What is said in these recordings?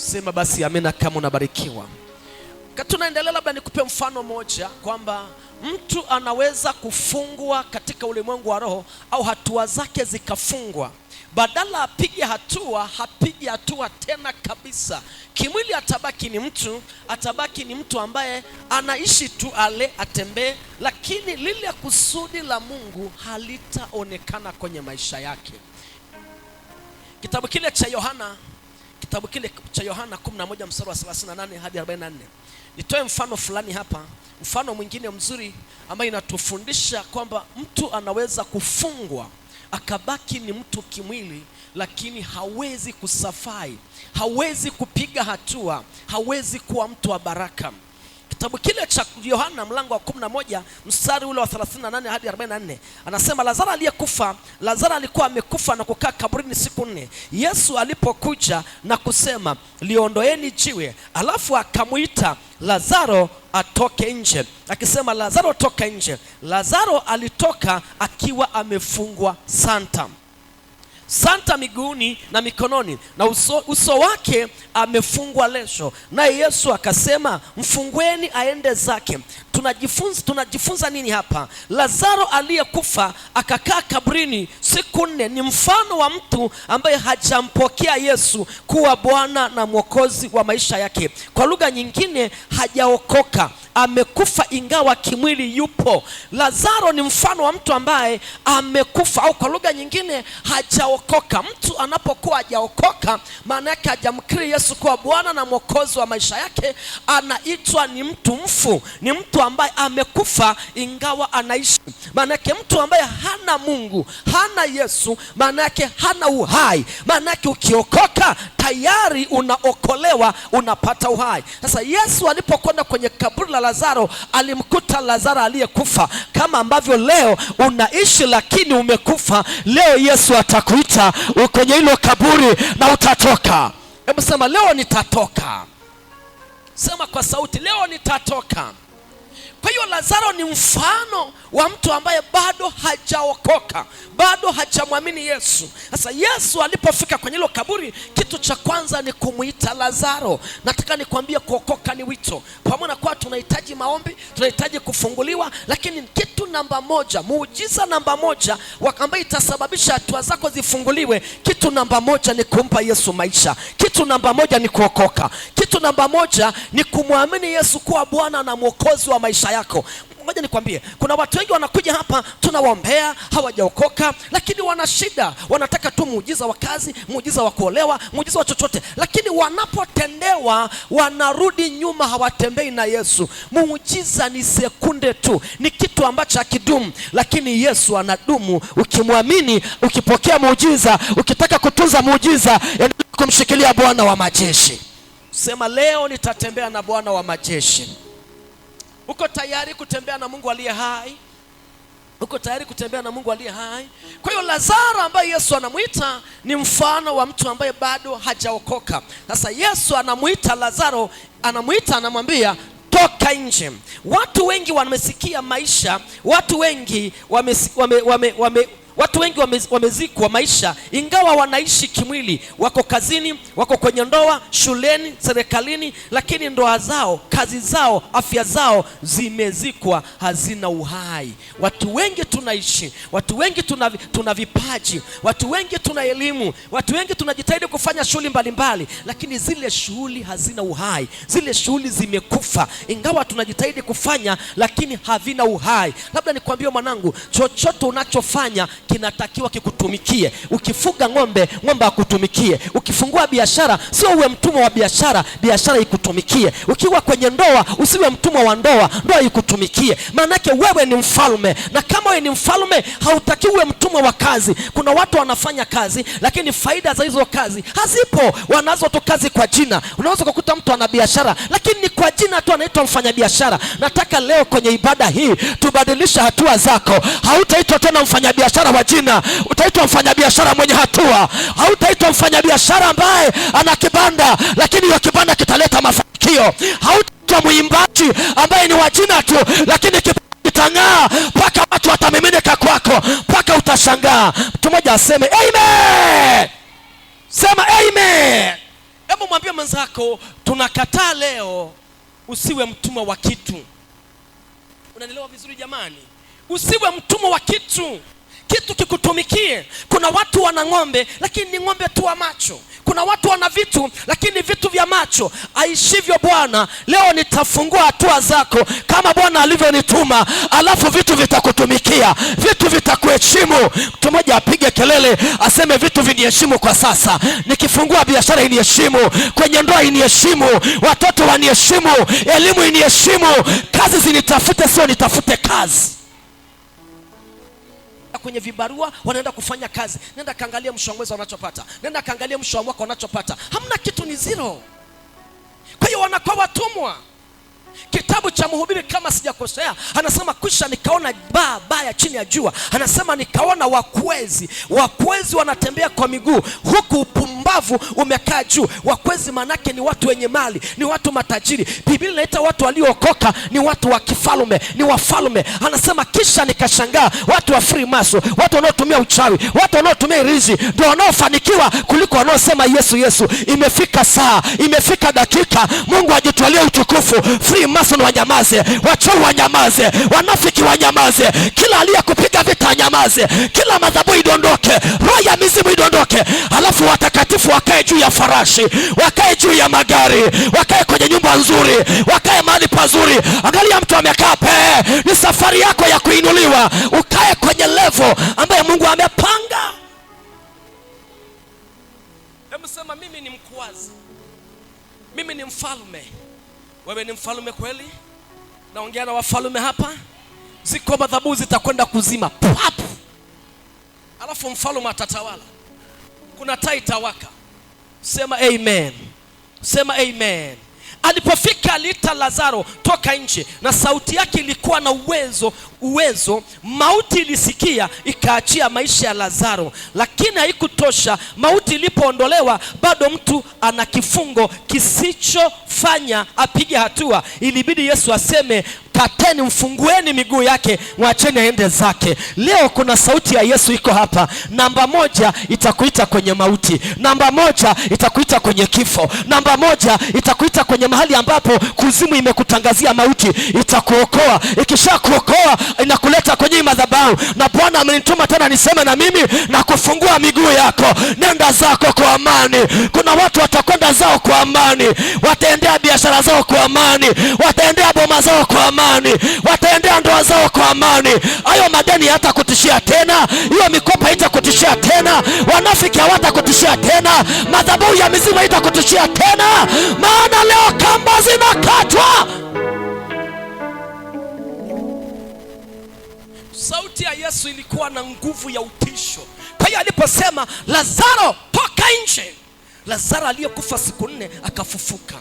Sema basi amena kama unabarikiwa. Tunaendelea, labda nikupe mfano mmoja kwamba mtu anaweza kufungwa katika ulimwengu wa roho au hatua zake zikafungwa. Badala apige hatua, hapigi hatua tena kabisa. Kimwili atabaki ni mtu, atabaki ni mtu ambaye anaishi tu, ale, atembee, lakini lile kusudi la Mungu halitaonekana kwenye maisha yake. Kitabu kile cha Yohana kitabu kile cha Yohana 11 mstari wa 38 hadi 44. Nitoe mfano fulani hapa, mfano mwingine mzuri ambayo inatufundisha kwamba mtu anaweza kufungwa akabaki ni mtu kimwili, lakini hawezi kusafai, hawezi kupiga hatua, hawezi kuwa mtu wa baraka kitabu kile cha Yohana mlango wa 11 mstari ule wa 38 hadi 44, anasema Lazaro aliyekufa, Lazaro alikuwa amekufa na kukaa kaburini siku nne. Yesu alipokuja na kusema liondoeni jiwe, alafu akamwita Lazaro atoke nje, akisema Lazaro toka nje. Lazaro alitoka akiwa amefungwa santa santa miguuni na mikononi na uso, uso wake amefungwa lesho. Naye Yesu akasema, mfungweni aende zake. Tunajifunza, tunajifunza nini hapa? Lazaro aliyekufa akakaa kabrini siku nne ni mfano wa mtu ambaye hajampokea Yesu kuwa Bwana na Mwokozi wa maisha yake. Kwa lugha nyingine, hajaokoka, amekufa ingawa kimwili yupo. Lazaro ni mfano wa mtu ambaye amekufa, au kwa lugha nyingine hajaokoka hajaokoka. Mtu anapokuwa hajaokoka, maana yake hajamkiri Yesu kuwa Bwana na Mwokozi wa maisha yake, anaitwa ni mtu mfu, ni mtu ambaye amekufa ingawa anaishi. Maana yake mtu ambaye hana Mungu, hana Yesu, maana yake hana uhai. Maana yake ukiokoka tayari unaokolewa, unapata uhai. Sasa Yesu alipokwenda kwenye kaburi la Lazaro, alimkuta Lazaro aliyekufa, kama ambavyo leo unaishi lakini umekufa. Leo Yesu atakuita uta kwenye hilo kaburi na utatoka. Hebu sema leo nitatoka, sema kwa sauti, leo nitatoka. Kwa hiyo Lazaro ni mfano wa mtu ambaye bado hajaokoka, bado hajamwamini Yesu. Sasa Yesu alipofika kwenye hilo kaburi, kitu cha kwanza ni kumwita Lazaro. Nataka nikwambie, kuokoka ni wito. Pamoja na kuwa tunahitaji maombi, tunahitaji kufunguliwa, lakini kitu namba moja, muujiza namba moja ambaye itasababisha hatua zako zifunguliwe, kitu namba moja ni kumpa Yesu maisha. Kitu namba moja ni kuokoka. Kitu namba moja ni kumwamini Yesu kuwa Bwana na Mwokozi wa maisha yako. Ngoja nikwambie, kuna watu wengi wanakuja hapa tunawaombea, hawajaokoka, lakini wana shida, wanataka tu muujiza wa kazi, muujiza wa kuolewa, muujiza wa chochote, lakini wanapotendewa wanarudi nyuma, hawatembei na Yesu. Muujiza ni sekunde tu, ni kitu ambacho hakidumu, lakini Yesu anadumu. Ukimwamini, ukipokea muujiza, ukitaka kutunza muujiza, endelea kumshikilia Bwana wa majeshi, sema leo nitatembea na Bwana wa majeshi. Uko tayari kutembea na Mungu aliye hai? Uko tayari kutembea na Mungu aliye hai? Kwa hiyo Lazaro ambaye Yesu anamwita ni mfano wa mtu ambaye bado hajaokoka. Sasa Yesu anamwita Lazaro, anamwita anamwambia toka nje. Watu wengi wamesikia maisha, watu wengi wame, wame, wame, wame Watu wengi wamezikwa maisha, ingawa wanaishi kimwili, wako kazini, wako kwenye ndoa, shuleni, serikalini, lakini ndoa zao, kazi zao, afya zao zimezikwa, hazina uhai. Watu wengi tunaishi, watu wengi tuna, tuna vipaji, watu wengi tuna elimu, watu wengi tunajitahidi kufanya shughuli mbalimbali, lakini zile shughuli hazina uhai, zile shughuli zimekufa, ingawa tunajitahidi kufanya, lakini havina uhai. Labda nikwambie mwanangu, chochote unachofanya kinatakiwa kikutumikie. Ukifuga ng'ombe, ng'ombe akutumikie. Ukifungua biashara, sio uwe mtumwa wa biashara, biashara ikutumikie. Ukiwa kwenye ndoa, usiwe mtumwa wa ndoa, ndoa ikutumikie. Maanake wewe ni mfalme, na kama wewe ni mfalme, hautaki uwe mtumwa wa kazi. Kuna watu wanafanya kazi, lakini faida za hizo kazi hazipo. Wanazo tu kazi kwa jina. Unaweza kukuta mtu ana biashara, lakini ni kwa jina tu, anaitwa mfanyabiashara. Nataka leo kwenye ibada hii tubadilishe hatua zako, hautaitwa tena mfanyabiashara kwa jina. Utaitwa mfanyabiashara mwenye hatua, hautaitwa mfanyabiashara ambaye ana kibanda lakini hiyo kibanda kitaleta mafanikio. Hautaitwa mwimbaji ambaye ni wa jina tu, lakini kitang'aa mpaka watu watamiminika kwako, mpaka utashangaa. Mtu mmoja aseme amen. Sema amen. Hebu mwambie mwenzako, tunakataa leo usiwe mtumwa wa kitu. Unanielewa vizuri jamani? Usiwe mtumwa wa kitu kitu kikutumikie. Kuna watu wana ng'ombe lakini ni ng'ombe tu wa macho. Kuna watu wana vitu lakini vitu vya macho. Aishivyo Bwana, leo nitafungua hatua zako kama Bwana alivyonituma, alafu vitu vitakutumikia, vitu vitakuheshimu. Mtu mmoja apige kelele aseme, vitu viniheshimu kwa sasa. Nikifungua biashara iniheshimu, kwenye ndoa iniheshimu, watoto waniheshimu, elimu iniheshimu, kazi zinitafute, sio nitafute kazi kwenye vibarua, wanaenda kufanya kazi. Nenda kaangalia mwisho wa mwezi wanachopata, nenda kaangalia mwisho wa mwaka wanachopata. Hamna kitu, ni zero. Kwa hiyo wanakuwa watumwa. Kitabu cha Mhubiri kama sijakosea, anasema kisha nikaona baa baya chini ya jua, anasema nikaona wakwezi. Wakwezi wanatembea kwa miguu, huku upumbavu umekaa juu. Wakwezi maanake ni watu wenye mali, ni watu matajiri. Biblia inaita watu waliookoka ni watu wa kifalume, ni wafalume. Anasema kisha nikashangaa, watu wa maso watu wanaotumia uchawi, watu wanaotumia irizi ndio wanaofanikiwa kuliko wanaosema Yesu Yesu. Imefika saa, imefika dakika, Mungu ajitwalie utukufu Free adui mason wanyamaze, wa nyamaze wanafiki wa nyamaze kila aliyekupiga vita nyamaze kila madhabu idondoke, roho ya mizimu idondoke. alafu watakatifu wakae juu ya farashi, wakae juu ya magari, wakae kwenye nyumba nzuri, wakae mahali pazuri. Angalia mtu amekaa pee, ni safari yako ya kuinuliwa, ukae kwenye levo ambaye Mungu amepanga. mimi ni mkwazi, mimi ni mfalme. Wewe ni mfalme kweli? Naongea na wafalme hapa, ziko madhabu zitakwenda kuzima pap alafu mfalme atatawala. Kuna taa itawaka. Sema amen, sema amen. Alipofika aliita Lazaro, toka nje, na sauti yake ilikuwa na uwezo uwezo. Mauti ilisikia ikaachia maisha ya Lazaro, lakini haikutosha. Mauti ilipoondolewa, bado mtu ana kifungo kisichofanya apige hatua. Ilibidi Yesu aseme mkateni, mfungueni miguu yake, mwacheni aende zake. Leo kuna sauti ya Yesu iko hapa. Namba moja itakuita kwenye mauti, namba moja itakuita kwenye kifo, namba moja itakuita kwenye mahali ambapo kuzimu imekutangazia mauti, itakuokoa. Ikishakuokoa inakuleta kwenye madhabahu, na Bwana amenituma tena niseme na mimi na kufungua miguu yako, nenda zako kwa amani. Kuna watu watakwenda zao kwa amani, wataendea biashara zao kwa amani, wataendea boma zao kwa amani, wataendea ndoa zao kwa amani. Hayo madeni kutishia tena, hiyo mikopo haitakutishia tena, wanafiki hawatakutishia tena, madhabahu ya mizimu kutishia tena, maana leo kamba zinakatwa. Sauti ya Yesu ilikuwa na nguvu ya utisho. Kwa hiyo aliposema Lazaro toka nje, Lazaro aliyekufa siku nne akafufuka.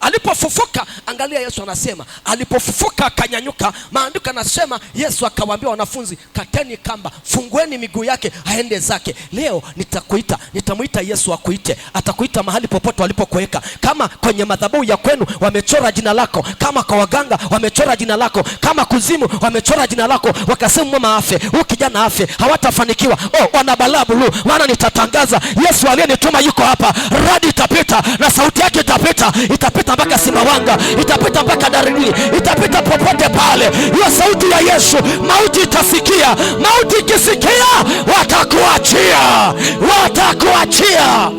Alipofufuka, angalia, Yesu anasema alipofufuka akanyanyuka. Maandiko anasema Yesu akawaambia wanafunzi, kateni kamba, fungueni miguu yake aende zake. Leo nitakuita, nitamwita Yesu akuite, atakuita mahali popote walipokuweka. Kama kwenye madhabahu ya kwenu wamechora jina lako, kama kwa waganga wamechora jina lako, kama kuzimu wamechora jina lako, wakasema mama afe, huyu kijana afe, hawatafanikiwa. Oh, wana balaa buluu, maana nitatangaza Yesu aliyenituma yuko hapa. Radi itapita na sauti yake itapita, itapita itapita mpaka Sumbawanga, itapita mpaka Darini, itapita popote pale. Hiyo sauti ya Yesu mauti itasikia. Mauti ikisikia, watakuachia, watakuachia.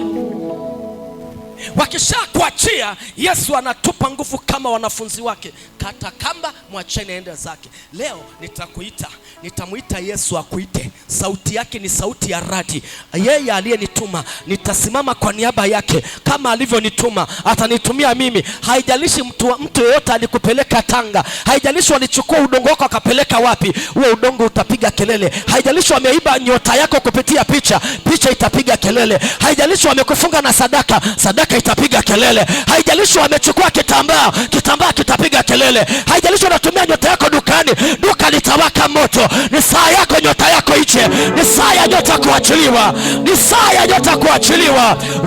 Wakishakuachia, Yesu anatupa nguvu kama wanafunzi wake, kata kamba, mwacheni aende zake. Leo nitakuita, nitamwita Yesu akuite. Sauti yake ni sauti ya radi. Yeye aliyenituma, nitasimama kwa niaba yake kama alivyonituma, atanitumia mimi. Haijalishi mtu mtu yeyote alikupeleka Tanga, haijalishi walichukua udongo wako akapeleka wapi, huo udongo utapiga kelele. Haijalishi wameiba nyota yako kupitia picha, picha itapiga kelele. Haijalishi wamekufunga na sadaka, sadaka itapiga kelele. Haijalishi wamechukua kitambaa, kitambaa kitapiga kelele. Haijalishi unatumia nyota yako dukani, duka litawaka moto. Ni saa yako nyota yako iche, ni saa ya nyota kuachiliwa, ni saa ya nyota kuachiliwa.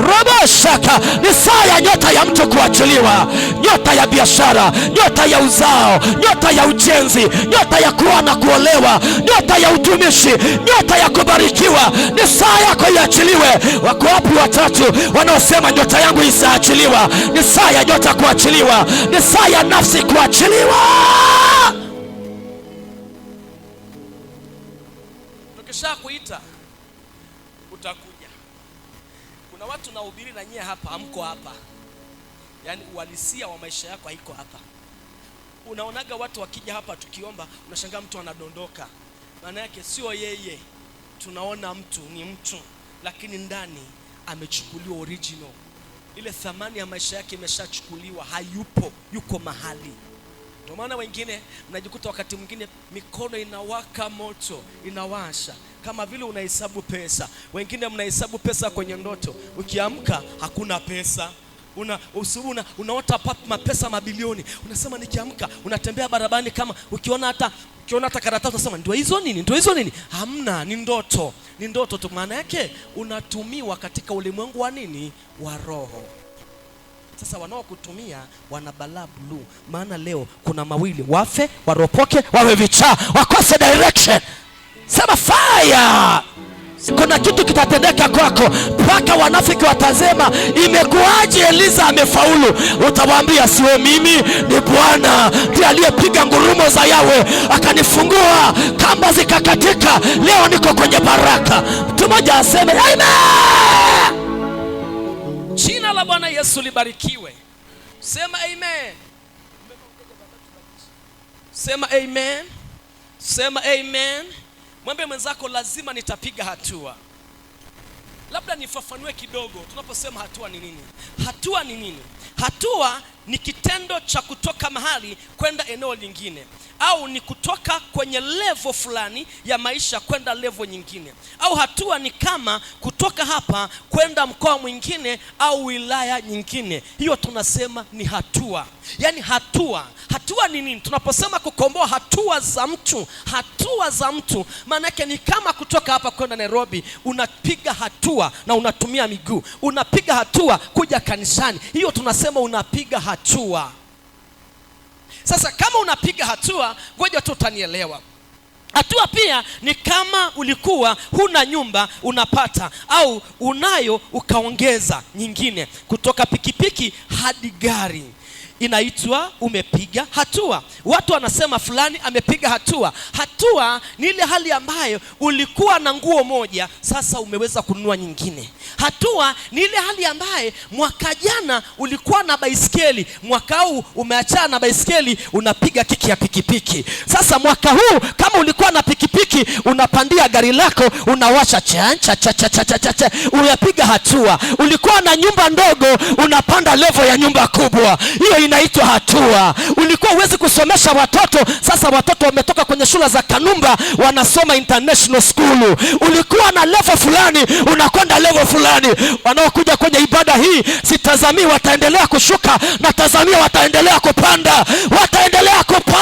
Robo shaka, ni saa ya nyota ya mtu kuachiliwa, nyota ya biashara, nyota ya uzao, nyota ya ujenzi, nyota ya kuoa na kuolewa, nyota ya utumishi, nyota ya kubarikiwa. Ni saa yako iachiliwe. Wako wapi watatu wanaosema nyota yangu Luisa achiliwa, ni saa ya nyota kuachiliwa, ni saa ya nafsi kuachiliwa. Tukisha kuita utakuja. Kuna watu nahubiri na nyie hapa, hamko hapa, yaani uhalisia wa maisha yako haiko hapa. Unaonaga watu wakija hapa tukiomba, unashangaa mtu anadondoka. Maana yake sio yeye, tunaona mtu ni mtu, lakini ndani amechukuliwa original ile thamani ya maisha yake imeshachukuliwa, hayupo, yuko mahali. Ndio maana wengine mnajikuta wakati mwingine mikono inawaka moto, inawasha kama vile unahesabu pesa. Wengine mnahesabu pesa kwenye ndoto, ukiamka hakuna pesa una usubu una, unaota pap mapesa mabilioni, unasema nikiamka, unatembea barabarani, kama ukiona hata ukiona hata karatasi unasema ndio hizo nini, ndio hizo nini? Hamna, ni ndoto, ni ndoto tu. Maana yake unatumiwa katika ulimwengu wa nini, wa roho. Sasa wanaokutumia wana balaa bluu, maana leo kuna mawili, wafe waropoke, wawe vichaa, wakose direction. Sema fire. Kuna kitu kitatendeka kwako, mpaka wanafiki watasema imekuwaje Eliza amefaulu? Utawaambia sio mimi, ni Bwana ndiye aliyepiga ngurumo za Yawe akanifungua, kamba zikakatika, leo niko kwenye baraka. Mtu mmoja aseme amen. Jina la Bwana Yesu libarikiwe. Sema amen. Sema amen. Sema amen. Mwambie mwenzako, lazima nitapiga hatua labda nifafanue kidogo tunaposema hatua ni nini. Hatua ni nini? Hatua ni kitendo cha kutoka mahali kwenda eneo lingine, au ni kutoka kwenye levo fulani ya maisha kwenda levo nyingine, au hatua ni kama kutoka hapa kwenda mkoa mwingine au wilaya nyingine. Hiyo tunasema ni hatua, yaani hatua. Hatua ni nini? Tunaposema kukomboa hatua za mtu, hatua za mtu maanake ni kama kutoka hapa kwenda Nairobi, unapiga hatua hatua na unatumia miguu, unapiga hatua kuja kanisani. Hiyo tunasema unapiga hatua. Sasa kama unapiga hatua, ngoja tu utanielewa. Hatua pia ni kama ulikuwa huna nyumba unapata, au unayo ukaongeza nyingine, kutoka pikipiki hadi gari inaitwa umepiga hatua. Watu wanasema fulani amepiga hatua. Hatua ni ile hali ambayo ulikuwa na nguo moja, sasa umeweza kununua nyingine. Hatua ni ile hali ambayo mwaka jana ulikuwa na baiskeli, mwaka huu umeachana na baiskeli, unapiga kiki ya pikipiki. Sasa mwaka huu kama ulikuwa na pikipiki, unapandia gari lako, unawasha cha cha cha cha cha cha, unapiga hatua. Ulikuwa na nyumba ndogo kidogo unapanda levo ya nyumba kubwa. Hiyo inaitwa hatua. Ulikuwa huwezi kusomesha watoto, sasa watoto wametoka kwenye shule za Kanumba wanasoma international school. Ulikuwa na levo fulani, unakwenda levo fulani. Wanaokuja kwenye ibada hii sitazamii wataendelea kushuka, natazamia wataendelea kupanda, wataendelea kupanda.